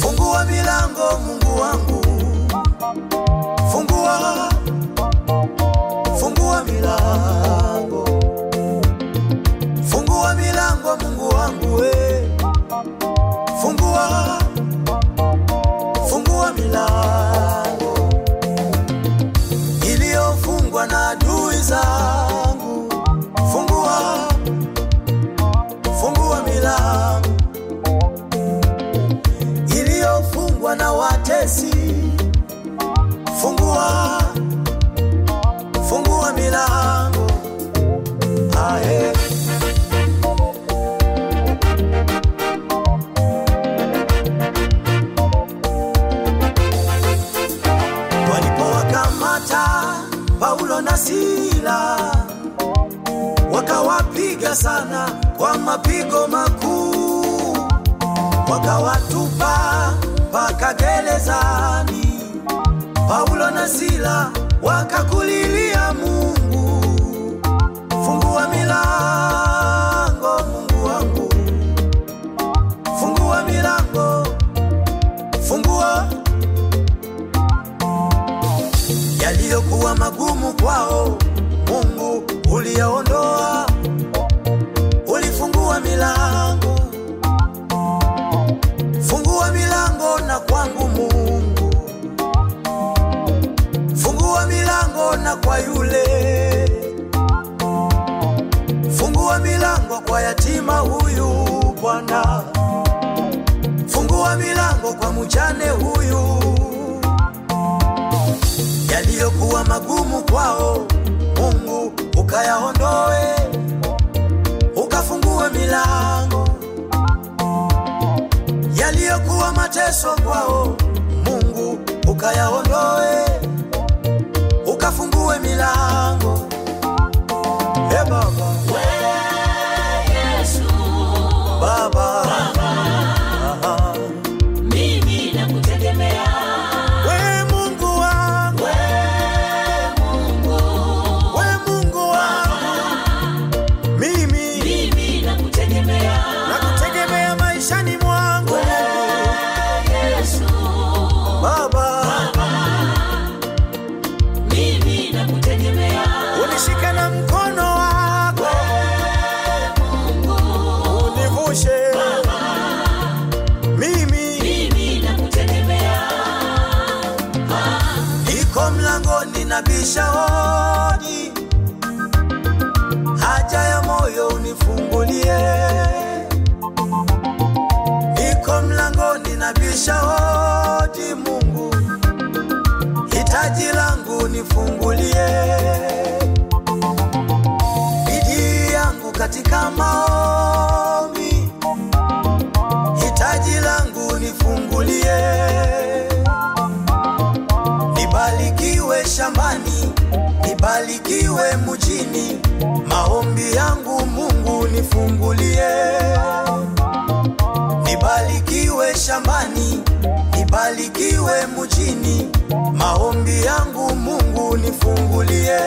Fungua milango Mungu wangu yako Mungu wangu we. Fungua, fungua milango iliyofungwa na adui zangu. Fungua, fungua milango iliyofungwa na watesi. Fungua hata Paulo na Sila wakawapiga sana kwa mapigo makuu, wakawatupa mpaka gerezani. Paulo na Sila wakakulilia Mungu, fungua milango yaliyokuwa magumu kwao, Mungu uliyaondoa, ulifungua milango. Fungua milango na kwangu Mungu, fungua milango na kwa yule, fungua milango kwa yatima huyu Bwana, fungua milango kwa mjane huyu yaliyokuwa magumu kwao, Mungu ukayaondoe, ukafungue milango. Yaliyokuwa mateso kwao, Mungu ukayaondoe, ukafungue milango ninabisha hodi, haja ya moyo unifungulie. Niko mlangoni ninabisha hodi, Mungu hitaji langu nifungulie, bidii yangu katika maombi tamani nibalikiwe mujini maombi yangu Mungu nifungulie, nibalikiwe shambani nibalikiwe mujini maombi yangu Mungu nifungulie.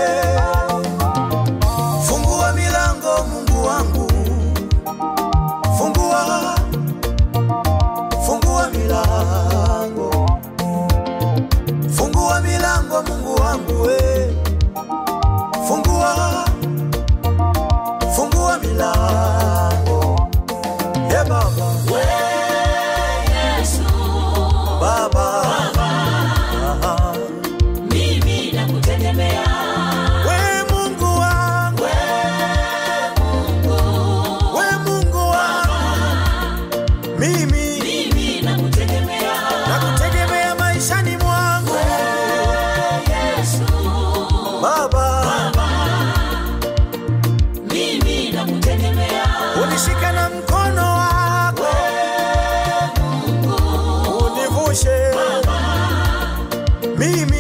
Be me.